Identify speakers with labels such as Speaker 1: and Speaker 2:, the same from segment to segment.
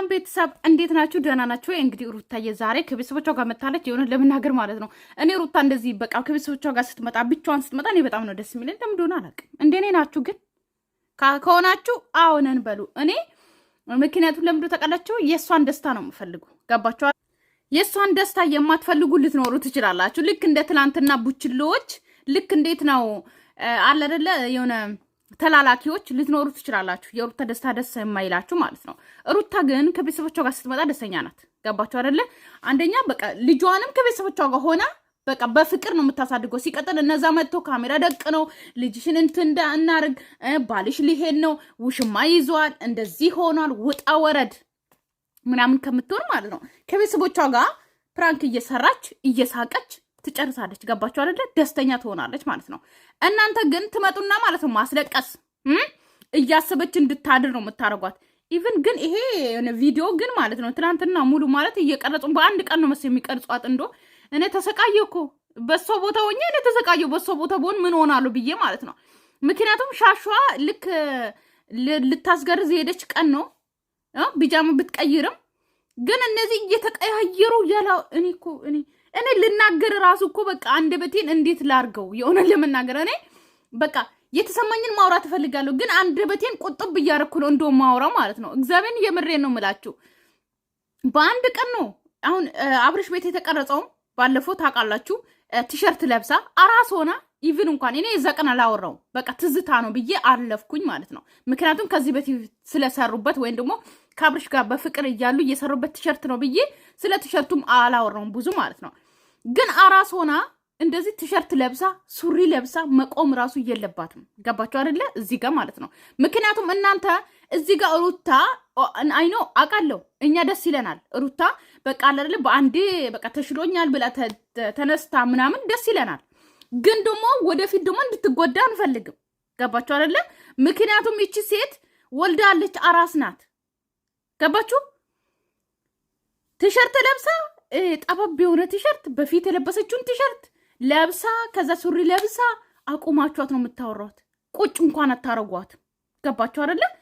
Speaker 1: ሰላም ቤተሰብ እንዴት ናችሁ? ደህና ናችሁ እንግዲህ ሩታዬ ዛሬ ከቤተሰቦቿ ጋር መታለች። የሆነ ለመናገር ማለት ነው እኔ ሩታ እንደዚህ በቃ ከቤተሰቦቿ ጋር ስትመጣ ብቻዋን ስትመጣ እኔ በጣም ነው ደስ የሚለኝ። ለምን እንደሆነ አላውቅም። እንደኔ ናችሁ ግን ከሆናችሁ አዎነን በሉ። እኔ ምክንያቱም ለምዶ ተቀላችሁ የእሷን ደስታ ነው የምፈልጉ። ገባችኋል? የእሷን ደስታ የማትፈልጉ ልትኖሩ ትችላላችሁ። ልክ እንደ ትላንትና ቡችሎዎች ልክ እንዴት ነው አለ አይደለ የሆነ ተላላኪዎች ልትኖሩ ትችላላችሁ። የሩታ ደስታ ደስ የማይላችሁ ማለት ነው። ሩታ ግን ከቤተሰቦቿ ጋር ስትመጣ ደስተኛ ናት። ገባችሁ አደለ? አንደኛ በቃ ልጇንም ከቤተሰቦቿ ጋር ሆና በቃ በፍቅር ነው የምታሳድገው። ሲቀጥል እነዛ መጥቶ ካሜራ ደቅ ነው ልጅሽን እንትን እናርግ ባልሽ ሊሄድ ነው ውሽማ ይዘዋል እንደዚህ ሆኗል ውጣ ወረድ ምናምን ከምትሆን ማለት ነው ከቤተሰቦቿ ጋር ፕራንክ እየሰራች እየሳቀች ትጨርሳለች። ገባችሁ አይደለ? ደስተኛ ትሆናለች ማለት ነው። እናንተ ግን ትመጡና ማለት ነው ማስለቀስ እያሰበች እንድታድር ነው የምታደርጓት። ኢቭን ግን ይሄ ቪዲዮ ግን ማለት ነው ትናንትና ሙሉ ማለት እየቀረጹ በአንድ ቀን ነው መስ የሚቀርጿት። እንዶ እኔ ተሰቃየ እኮ በሶ ቦታ ሆኜ እኔ ተሰቃየ በሶ ቦታ በሆን ምን ሆናሉ ብዬ ማለት ነው። ምክንያቱም ሻሿ ልክ ልታስገርዝ የሄደች ቀን ነው ቢጃማ ብትቀይርም ግን እነዚህ እየተቀያየሩ ያላ እኔ እኮ እኔ እኔ ልናገር ራሱ እኮ በቃ አንደበቴን እንዴት ላርገው? የሆነ ለመናገር እኔ በቃ የተሰማኝን ማውራት እፈልጋለሁ፣ ግን አንደበቴን ቁጥብ እያረኩ ነው እንደ ማውራው ማለት ነው። እግዚአብሔርን የምሬን ነው ምላችሁ። በአንድ ቀን ነው አሁን አብርሽ ቤት የተቀረጸውም ባለፈው ታውቃላችሁ፣ ቲሸርት ለብሳ አራስ ሆና ኢቭን እንኳን እኔ የዛ ቀን አላወራው በቃ ትዝታ ነው ብዬ አለፍኩኝ ማለት ነው። ምክንያቱም ከዚህ በፊት ስለሰሩበት ወይም ደግሞ ከአብርሽ ጋር በፍቅር እያሉ እየሰሩበት ቲሸርት ነው ብዬ ስለ ቲሸርቱም አላወራውም ብዙ ማለት ነው። ግን አራስ ሆና እንደዚህ ቲሸርት ለብሳ ሱሪ ለብሳ መቆም ራሱ የለባትም። ገባችሁ አይደለ? እዚህ ጋር ማለት ነው። ምክንያቱም እናንተ እዚህ ጋር ሩታ አይኖ አውቃለሁ፣ እኛ ደስ ይለናል። ሩታ በቃ አይደለ በአንዴ በቃ ተሽሎኛል ብላ ተነስታ ምናምን ደስ ይለናል። ግን ደግሞ ወደፊት ደግሞ እንድትጎዳ አንፈልግም። ገባችሁ አይደለ? ምክንያቱም ይቺ ሴት ወልዳለች፣ አራስ ናት። ገባችሁ? ቲሸርት ለብሳ ጠበብ የሆነ ቲሸርት በፊት የለበሰችውን ቲሸርት ለብሳ ከዛ ሱሪ ለብሳ አቁማችኋት ነው የምታወሯት። ቁጭ እንኳን አታረጓት። ገባችሁ አደለም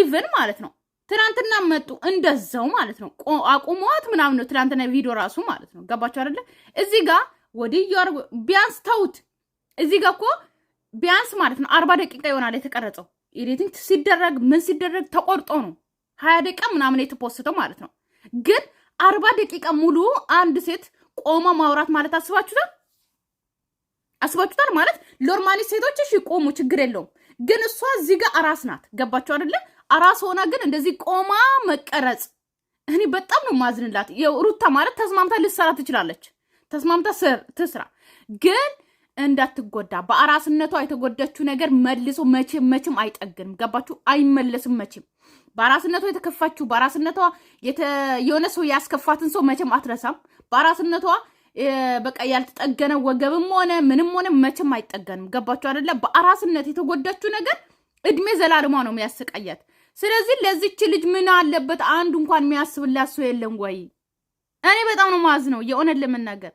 Speaker 1: ኢቨን ማለት ነው ትናንትና መጡ እንደዛው ማለት ነው አቁሟት ምናምን ነው ትናንትና ቪዲዮ ራሱ ማለት ነው። ገባችሁ አደለ? እዚህ ጋ ወደ ያር ቢያንስ ተውት። እዚህ ጋ እኮ ቢያንስ ማለት ነው አርባ ደቂቃ ይሆናል የተቀረጸው ኤዲቲንግ ሲደረግ ምን ሲደረግ ተቆርጦ ነው ሀያ ደቂቃ ምናምን የተፖስተው ማለት ነው። ግን አርባ ደቂቃ ሙሉ አንድ ሴት ቆማ ማውራት ማለት አስባችሁታል? አስባችሁታል? ማለት ኖርማሊ ሴቶች እሺ ቆሙ፣ ችግር የለውም። ግን እሷ እዚህ ጋር አራስ ናት። ገባችሁ አደለ አራስ ሆና ግን እንደዚህ ቆማ መቀረጽ እኔ በጣም ነው ማዝንላት። ሩታ ማለት ተስማምታ ልትሰራ ትችላለች። ተስማምታ ትስራ ግን እንዳትጎዳ በአራስነቷ የተጎዳችው ነገር መልሶ መቼም መቼም አይጠግንም። ገባችሁ? አይመለስም መቼም በአራስነቷ የተከፋችሁ በአራስነቷ የሆነ ሰው ያስከፋትን ሰው መቼም አትረሳም። በአራስነቷ በቃ ያልተጠገነ ወገብም ሆነ ምንም ሆነ መቼም አይጠገንም። ገባችሁ አደለ? በአራስነት የተጎዳችው ነገር እድሜ ዘላለማ ነው የሚያሰቃያት። ስለዚህ ለዚች ልጅ ምን አለበት አንዱ እንኳን የሚያስብላት ሰው የለም ወይ? እኔ በጣም ነው ማዝ ነው የእውነት ለመናገር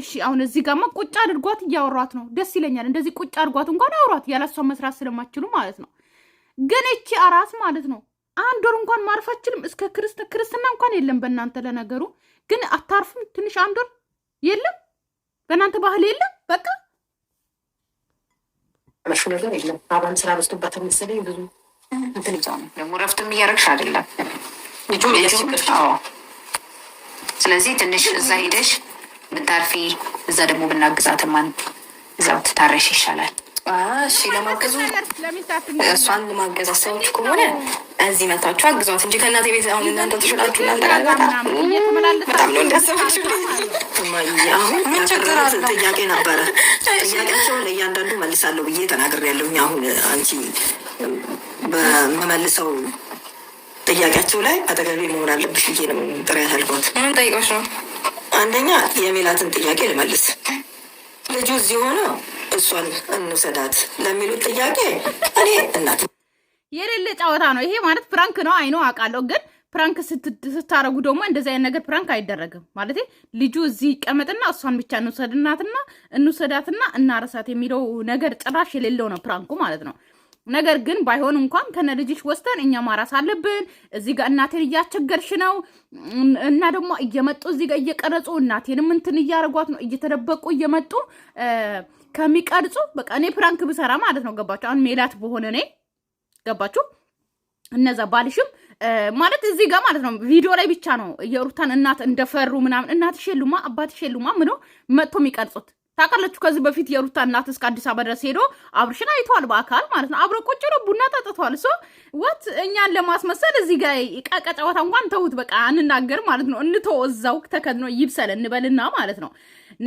Speaker 1: እሺ አሁን እዚህ ጋማ ቁጭ አድርጓት እያወሯት ነው። ደስ ይለኛል። እንደዚህ ቁጭ አድርጓት እንኳን አውሯት ያለሷ መስራት ስለማችሉ ማለት ነው። ግን እቺ አራስ ማለት ነው አንድ ወር እንኳን ማረፍ አችልም። እስከ ክርስትና እንኳን የለም በእናንተ ለነገሩ ግን አታርፍም። ትንሽ አንድ ወር የለም በእናንተ ባህል የለም። በቃ
Speaker 2: መሹ ነገር የለም። አባን ስራ በዝቶባት መሰለኝ ብዙ እንትን ይጫው ነው ደግሞ ረፍትም እያረግሽ አይደለም ልጁ ስለዚህ ትንሽ እዛ ሄደሽ ብታርፊ እዛ ደግሞ ብናግዛት ማን እዛው ትታረሽ ይሻላል። እሺ ለማገዙ እሷን ለማገዝ አሰቦች ከሆነ እዚህ መታችሁ አግዟት እንጂ ከእናት ቤት አሁን እናንተ ተሽላችሁ እናንተ ጋር በጣም ነው እንዳሰባችሁ። ምን ችግር አለ? ጥያቄ ነበረ። ጥያቄያቸውን ለእያንዳንዱ መልሳለሁ ብዬ ተናግሬያለሁኝ። አሁን አንቺ በምመልሰው ጥያቄያቸው ላይ አጠገቤ መሆን አለብሽ ብዬ ነው ጥሪያት አልኳት። ምን ጠይቀሽ ነው አንደኛ የሜላትን ጥያቄ ልመልስ። ልጁ እዚህ ሆኖ እሷን እንውሰዳት ለሚሉት ጥያቄ እኔ እናት
Speaker 1: የሌለ ጨዋታ ነው ይሄ ማለት ፕራንክ ነው። አይኖ አውቃለሁ፣ ግን ፕራንክ ስታረጉ ደግሞ እንደዚህ አይነት ነገር ፕራንክ አይደረግም ማለት ልጁ እዚህ ይቀመጥና እሷን ብቻ እንውሰድናትና እንውሰዳትና እናረሳት የሚለው ነገር ጭራሽ የሌለው ነው ፕራንኩ ማለት ነው። ነገር ግን ባይሆን እንኳን ከነ ልጅሽ ወስተን እኛ ማራስ አለብን። እዚህ ጋር እናቴን እያስቸገርሽ ነው እና ደግሞ እየመጡ እዚህ ጋር እየቀረጹ እናቴንም እንትን እያደረጓት ነው። እየተደበቁ እየመጡ ከሚቀርጹ በቃ እኔ ፕራንክ ብሰራ ማለት ነው። ገባችሁ? አሁን ሜላት በሆነ እኔ ገባችሁ? እነዛ ባልሽም ማለት እዚህ ጋር ማለት ነው ቪዲዮ ላይ ብቻ ነው የሩታን እናት እንደፈሩ ምናምን እናትሽ የሉማ አባትሽ የሉማ ምነው መጥቶ የሚቀርጹት ታውቃላችሁ ከዚህ በፊት የሩታ እናት እስከ አዲስ አበባ ድረስ ሄዶ አብርሽን አይተዋል፣ በአካል ማለት ነው። አብረ ቁጭ ብሎ ቡና ጠጥተዋል። ሶ ወት እኛን ለማስመሰል እዚህ ጋር ቀቀ ጨዋታ እንኳን ተውት፣ በቃ አንናገር ማለት ነው። እንተው እዛው ተከድኖ ይብሰል እንበልና ማለት ነው።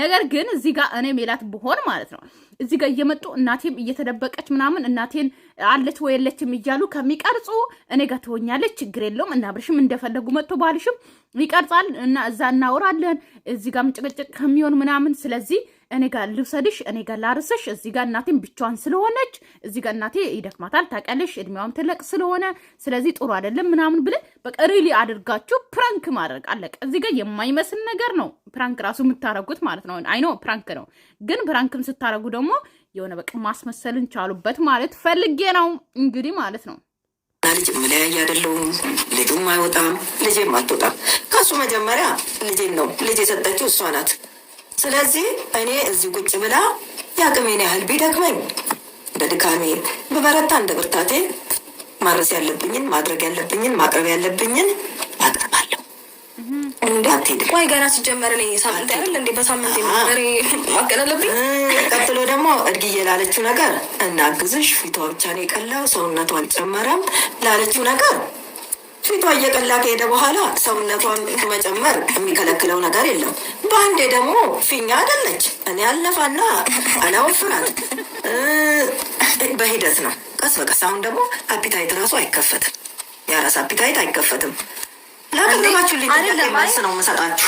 Speaker 1: ነገር ግን እዚህ ጋር እኔ ሜላት ብሆን ማለት ነው እዚህ ጋር እየመጡ እናቴም እየተደበቀች ምናምን እናቴን አለች ወይ የለችም እያሉ ከሚቀርጹ እኔ ጋር ትሆኛለች፣ ችግር የለውም እና አብርሽም እንደፈለጉ መጥቶ ባልሽም ይቀርጻል እና እዛ እናወራለን፣ እዚህ ጋርም ጭቅጭቅ ከሚሆን ምናምን ስለዚህ እኔ ጋር ልውሰድሽ፣ እኔ ጋር ላርስሽ። እዚህ ጋር እናቴም ብቻዋን ስለሆነች እዚህ ጋር እናቴ ይደክማታል፣ ታውቂያለሽ፣ እድሜዋም ትልቅ ስለሆነ ስለዚህ ጥሩ አይደለም ምናምን ብለ በቃ ሪሊ አድርጋችሁ ፕራንክ ማድረግ አለቀ። እዚህ ጋር የማይመስል ነገር ነው ፕራንክ ራሱ የምታረጉት ማለት ነው። አይኖ ፕራንክ ነው፣ ግን ፕራንክም ስታረጉ ደግሞ የሆነ በቃ ማስመሰልን ቻሉበት ማለት ፈልጌ ነው እንግዲህ ማለት ነው።
Speaker 2: ልጅ ምለያይ አይደለሁም። ልጁም አይወጣም፣ ልጄም አትወጣም። ከሱ መጀመሪያ ልጄን ነው ልጅ የሰጠችው እሷ ናት። ስለዚህ እኔ እዚህ ቁጭ ብላ የአቅሜን ያህል ቢደክመኝ በድካሜ በበረታ እንደ ብርታቴ ማድረስ ያለብኝን ማድረግ ያለብኝን ማቅረብ ያለብኝን አቅርባለሁ።
Speaker 3: እንዳትሄድ ገና ሲጀመር ላይ ሳምንት አይደል እንዴ? በሳምንት መሪ ማገል አለብኝ።
Speaker 2: ቀጥሎ ደግሞ እድግዬ ላለችው ነገር እናግዝሽ፣ ፊቷ ብቻ ነው የቀላው ሰውነቷ አልጨመረም ላለችው ነገር ፊቷ እየቀላ ከሄደ በኋላ ሰውነቷን መጨመር የሚከለክለው ነገር የለም። በአንዴ ደግሞ ፊኛ አይደለች። እኔ አልነፋና አላወፍራት በሂደት ነው፣ ቀስ በቀስ አሁን ደግሞ አፒታይት ራሱ አይከፈትም። የራስ አፒታይት አይከፈትም። ላቀረባችሁልኝ ነው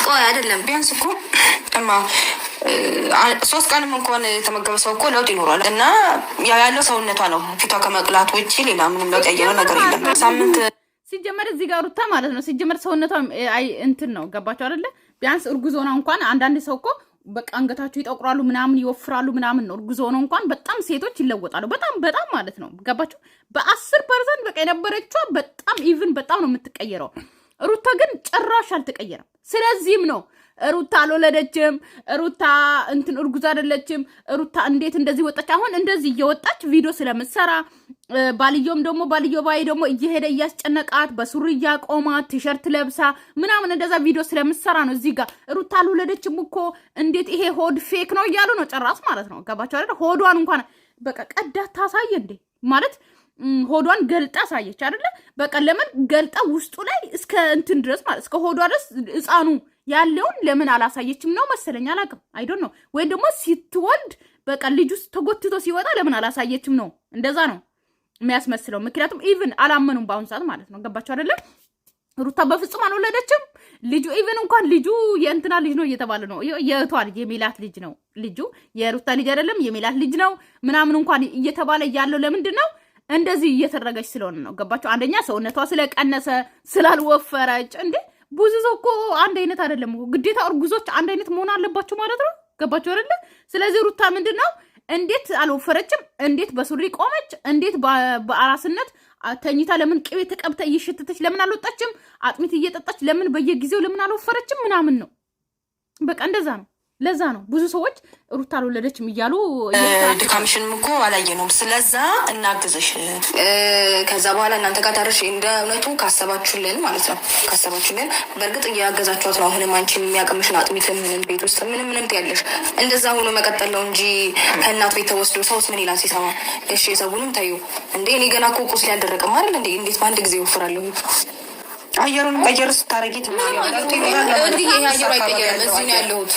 Speaker 2: ቆይ አይደለም ቢያንስ እኮ እማ ሶስት ቀንም እንኳን የተመገበ ሰው እኮ ለውጥ ይኖራል። እና ያለው ሰውነቷ ነው። ፊቷ ከመቅላት ውጭ ሌላ ምንም ለውጥ ያየነው ነገር የለም።
Speaker 1: ሳምንት ሲጀመር እዚህ ጋር ሩታ ማለት ነው። ሲጀመር ሰውነቷ አይ እንትን ነው ገባቸው አይደለ? ቢያንስ እርጉዞ ሆና እንኳን አንዳንድ ሰው እኮ በቃ አንገታቸው ይጠቁራሉ ምናምን ይወፍራሉ ምናምን ነው። እርጉዝ ሆነው እንኳን በጣም ሴቶች ይለወጣሉ። በጣም በጣም ማለት ነው ገባቸው። በአስር ፐርሰንት በቃ የነበረችዋ በጣም ኢቭን በጣም ነው የምትቀየረው። ሩታ ግን ጭራሽ አልተቀየረም። ስለዚህም ነው ሩታ አልወለደችም፣ ሩታ እንትን እርጉዝ አይደለችም፣ ሩታ እንዴት እንደዚህ ወጣች? አሁን እንደዚህ እየወጣች ቪዲዮ ስለምትሰራ ባልዮም ደግሞ ባልዮ ባይ ደግሞ እየሄደ እያስጨነቃት በሱሪ እያቆማት፣ ቲሸርት ለብሳ ምናምን እንደዛ ቪዲዮ ስለምትሰራ ነው። እዚህ ጋር ሩታ አልወለደችም እኮ እንዴት ይሄ ሆድ ፌክ ነው እያሉ ነው። ጨራሱ ማለት ነው። ገባቸው አይደል? ሆዷን እንኳን በቃ ቀዳት ታሳየ እንዴ ማለት ሆዷን ገልጣ ሳየች አይደለ? በቃ ለምን ገልጣ ውስጡ ላይ እስከ እንትን ድረስ ማለት እስከ ሆዷ ድረስ ህፃኑ ያለውን ለምን አላሳየችም ነው መሰለኝ፣ አላቅም አይዶን ነው ወይም ደግሞ ስትወልድ በቃ ልጁ ተጎትቶ ሲወጣ ለምን አላሳየችም ነው። እንደዛ ነው የሚያስመስለው። ምክንያቱም ኢቭን አላመኑም በአሁኑ ሰዓት ማለት ነው። ገባቸው አይደለም? ሩታ በፍጹም አልወለደችም። ልጁ ኢቨን እንኳን ልጁ የእንትና ልጅ ነው እየተባለ ነው። የእህቷ ልጅ የሚላት ልጅ ነው። ልጁ የሩታ ልጅ አይደለም፣ የሚላት ልጅ ነው ምናምን እንኳን እየተባለ ያለው ለምንድን ነው? እንደዚህ እየተደረገች ስለሆነ ነው። ገባቸው? አንደኛ ሰውነቷ ስለቀነሰ ስላልወፈረች እንዴ ብዙ ሰው እኮ አንድ አይነት አይደለም ግዴታ እርጉዞች አንድ አይነት መሆን አለባቸው ማለት ነው። ገባቸው አይደለ? ስለዚህ ሩታ ምንድን ነው እንዴት አልወፈረችም? እንዴት በሱሪ ቆመች? እንዴት በአራስነት ተኝታ ለምን ቅቤ ተቀብታ እየሸተተች ለምን አልወጣችም? አጥሚት እየጠጣች ለምን በየጊዜው ለምን አልወፈረችም? ምናምን ነው በቃ እንደዛ ነው። ለዛ ነው ብዙ ሰዎች ሩታ አልወለደችም እያሉ
Speaker 2: ድካምሽንም እኮ አላየነውም። ስለዛ እናግዝሽ። ከዛ በኋላ እናንተ ጋር ታረሽ እንደ እውነቱ ካሰባችሁልን ማለት ነው። ካሰባችሁልን በእርግጥ እያገዛችኋት ነው። አሁንም አንቺን የሚያቅምሽን አጥሚት ምንም ቤት ውስጥ ምንም ምንም ትያለሽ። እንደዛ ሆኖ መቀጠል ነው እንጂ ከእናት ቤት ተወስዶ ሰውስ ምን ይላል ሲሰማ? እሺ የሰቡንም ታዩ እንዴ። እኔ ገና እኮ ቁስሌ አልደረቀም አይደል እንዴ? እንዴት በአንድ ጊዜ ይወፍራለሁ? አየሩን ቀየር ስታረጊት አየሩ
Speaker 3: አይቀየርም። እዚህ ነው ያለሁት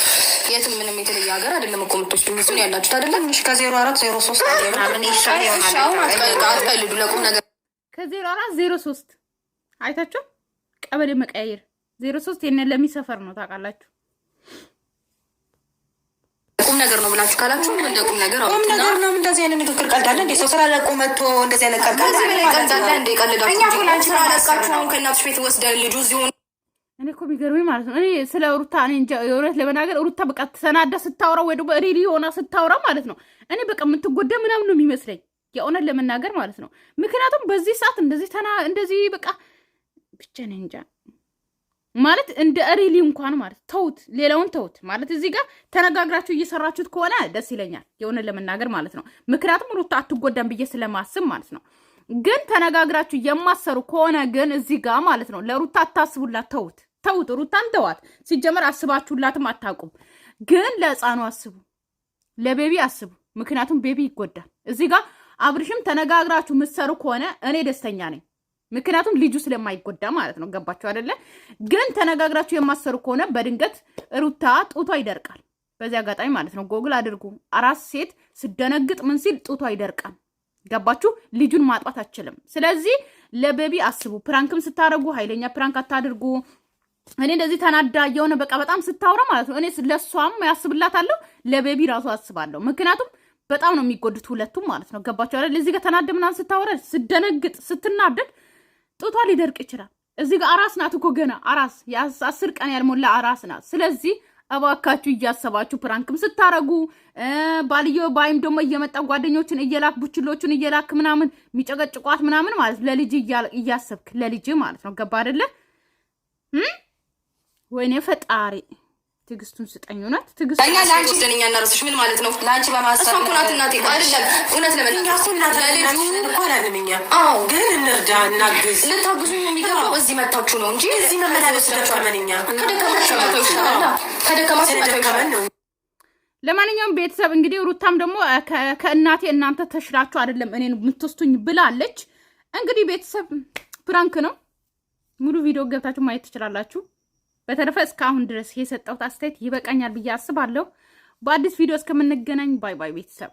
Speaker 3: የትም ምንም የተለየ ሀገር አይደለም እኮ ምቶች ሚዙን ያላችሁት አይደለም። ከዜሮ አራት ዜሮ ሶስት
Speaker 1: አትቀልዱ። ለቁም ነገር ከዜሮ አራት ዜሮ ሶስት አይታችሁ ቀበሌ መቀያየር ዜሮ ሶስት የነ ለሚሰፈር ነው ታውቃላችሁ።
Speaker 2: ቁም ነገር ነው ብላችሁ ካላችሁ እንደ ቁም ነገር
Speaker 3: ቁም ነገር ነው። እንደዚህ አይነት ንግግር ቀልዳለ እንዴ? ሰው ስራ ለቁ መጥቶ እንደዚህ አይነት
Speaker 2: ቀልዳለ እንዴ?
Speaker 3: ቀልዳችሁ እኛ ሁላችን ስራ ለቃችሁ አሁን ከእናቶች ቤት ወስደን ልጁ እዚሁ
Speaker 1: እኔ እኮ የሚገርመኝ ማለት ነው እኔ ስለ ሩታ እኔ እንጃ የእውነት ለመናገር ሩታ በቃ ተሰናዳ ስታወራ ወይ ደግሞ ሬዲ የሆና ስታወራ ማለት ነው እኔ በቃ የምትጎዳ ምናምን ነው የሚመስለኝ የእውነት ለመናገር ማለት ነው። ምክንያቱም በዚህ ሰዓት እንደዚህ ተና እንደዚህ በቃ ብቻ እኔ እንጃ ማለት እንደ ሪሊ እንኳን ማለት ተውት፣ ሌላውን ተውት ማለት እዚህ ጋር ተነጋግራችሁ እየሰራችሁት ከሆነ ደስ ይለኛል፣ የእውነት ለመናገር ማለት ነው። ምክንያቱም ሩታ አትጎዳም ብዬ ስለማስብ ማለት ነው። ግን ተነጋግራችሁ የማሰሩ ከሆነ ግን እዚህ ጋር ማለት ነው ለሩታ አታስቡላት፣ ተውት። ተውት፣ ሩታን ተዋት። ሲጀመር አስባችሁላትም አታውቁም። ግን ለህፃኑ አስቡ፣ ለቤቢ አስቡ። ምክንያቱም ቤቢ ይጎዳል። እዚህ ጋር አብርሽም ተነጋግራችሁ ምሰሩ ከሆነ እኔ ደስተኛ ነኝ። ምክንያቱም ልጁ ስለማይጎዳ ማለት ነው። ገባችሁ አይደለ? ግን ተነጋግራችሁ የማሰሩ ከሆነ በድንገት ሩታ ጡቷ ይደርቃል። በዚህ አጋጣሚ ማለት ነው ጎግል አድርጉ። አራስ ሴት ስደነግጥ ምን ሲል ጡቷ ይደርቃል። ገባችሁ? ልጁን ማጥባት አችልም። ስለዚህ ለቤቢ አስቡ። ፕራንክም ስታደርጉ ኃይለኛ ፕራንክ አታድርጉ። እኔ እንደዚህ ተናዳ የሆነ በቃ በጣም ስታውራ ማለት ነው እኔ ለእሷም ያስብላታለሁ ለቤቢ ራሱ አስባለሁ። ምክንያቱም በጣም ነው የሚጎዱት ሁለቱም ማለት ነው። ገባቸው አይደል? እዚህ ጋር ተናደ ምናምን ስታወራ ስደነግጥ፣ ስትናደድ ጡቷ ሊደርቅ ይችላል። እዚህ ጋር አራስ ናት እኮ ገና አራስ አስር ቀን ያልሞላ አራስ ናት። ስለዚህ እባካችሁ እያሰባችሁ ፕራንክም ስታረጉ ባልየው ባይም ደግሞ እየመጣ ጓደኞችን እየላክ ቡችሎቹን እየላክ ምናምን የሚጨቀጭቋት ምናምን ማለት ለልጅ እያሰብክ ለልጅ ማለት ነው። ገባ አይደለ? ወይኔ ፈጣሪ ትግስቱን ስጠኝ። እውነት ትዕግስቱን
Speaker 2: እኛ ለአንቺ ደንኛ እናረሱሽ ምን ማለት ነው? ለአንቺ በማሰብ ኩናት እናት አይደለም።
Speaker 3: እውነት አዎ፣
Speaker 2: ግን እንርዳ እናግዝ።
Speaker 3: ልታግዙ የሚገባው
Speaker 2: እዚህ መታችሁ ነው እንጂ
Speaker 3: እዚህ መመላለስ
Speaker 2: ስለቻመንኛ
Speaker 3: ከደከማከደከማደከመን ነው።
Speaker 1: ለማንኛውም ቤተሰብ እንግዲህ ሩታም ደግሞ ከእናቴ እናንተ ተሽላችሁ አይደለም እኔን የምትወስቱኝ ብላለች። እንግዲህ ቤተሰብ ፕራንክ ነው። ሙሉ ቪዲዮ ገብታችሁ ማየት ትችላላችሁ። በተረፈ እስካሁን ድረስ የሰጠሁት አስተያየት ይበቃኛል ብዬ አስባለሁ። በአዲስ ቪዲዮ እስከምንገናኝ ባይ ባይ ቤተሰብ።